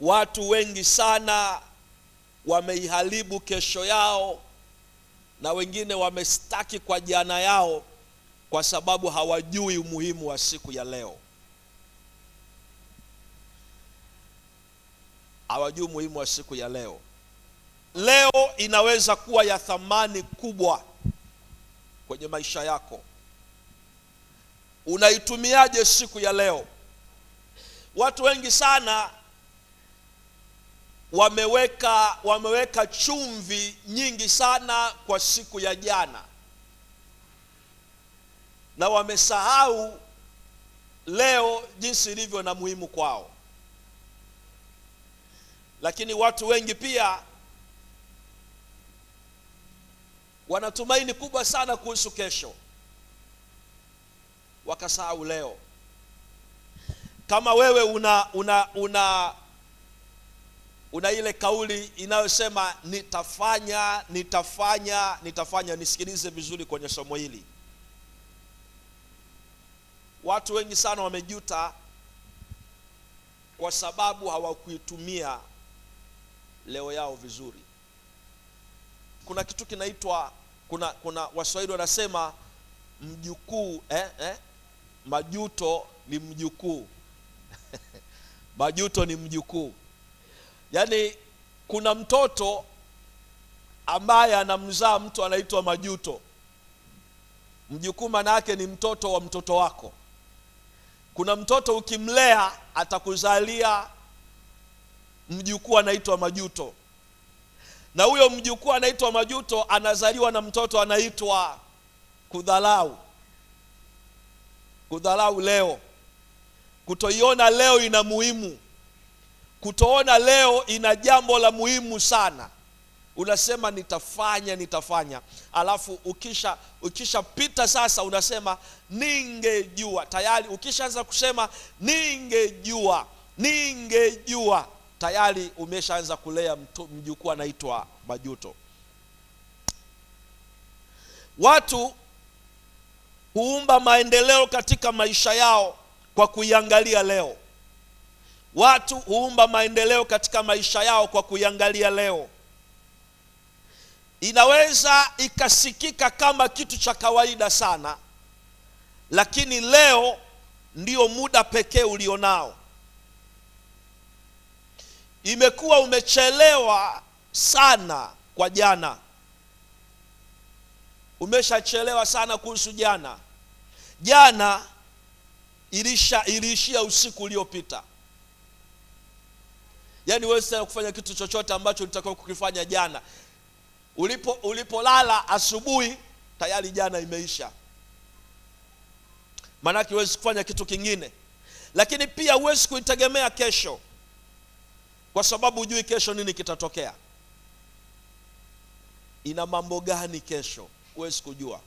Watu wengi sana wameiharibu kesho yao na wengine wamestaki kwa jana yao kwa sababu hawajui umuhimu wa siku ya leo. Hawajui umuhimu wa siku ya leo. Leo inaweza kuwa ya thamani kubwa kwenye maisha yako. Unaitumiaje siku ya leo? Watu wengi sana wameweka, wameweka chumvi nyingi sana kwa siku ya jana, na wamesahau leo jinsi ilivyo na muhimu kwao. Lakini watu wengi pia wanatumaini kubwa sana kuhusu kesho, wakasahau leo. Kama wewe una una una una ile kauli inayosema nitafanya nitafanya nitafanya. Nisikilize vizuri kwenye somo hili, watu wengi sana wamejuta kwa sababu hawakuitumia leo yao vizuri. Kuna kitu kinaitwa kuna kuna Waswahili wanasema mjukuu eh, eh, majuto ni mjukuu majuto ni mjukuu yaani kuna mtoto ambaye anamzaa mtu anaitwa majuto mjukuu manaake ni mtoto wa mtoto wako kuna mtoto ukimlea atakuzalia mjukuu anaitwa majuto na huyo mjukuu anaitwa majuto anazaliwa na mtoto anaitwa kudhalau kudhalau leo kutoiona leo ina muhimu kutoona leo ina jambo la muhimu sana, unasema nitafanya, nitafanya, alafu ukisha ukishapita sasa, unasema ningejua tayari. Ukishaanza kusema ningejua, ningejua tayari umeshaanza kulea mjukuu anaitwa majuto. Watu huumba maendeleo katika maisha yao kwa kuiangalia leo. Watu huumba maendeleo katika maisha yao kwa kuiangalia leo. Inaweza ikasikika kama kitu cha kawaida sana, lakini leo ndio muda pekee ulionao. Imekuwa umechelewa sana kwa jana, umeshachelewa sana kuhusu jana. Jana ilisha, iliishia usiku uliopita yaani wewe sasa kufanya kitu chochote ambacho ulitakiwa kukifanya jana ulipo ulipolala asubuhi tayari jana imeisha maanake huwezi kufanya kitu kingine lakini pia huwezi kuitegemea kesho kwa sababu hujui kesho nini kitatokea ina mambo gani kesho huwezi kujua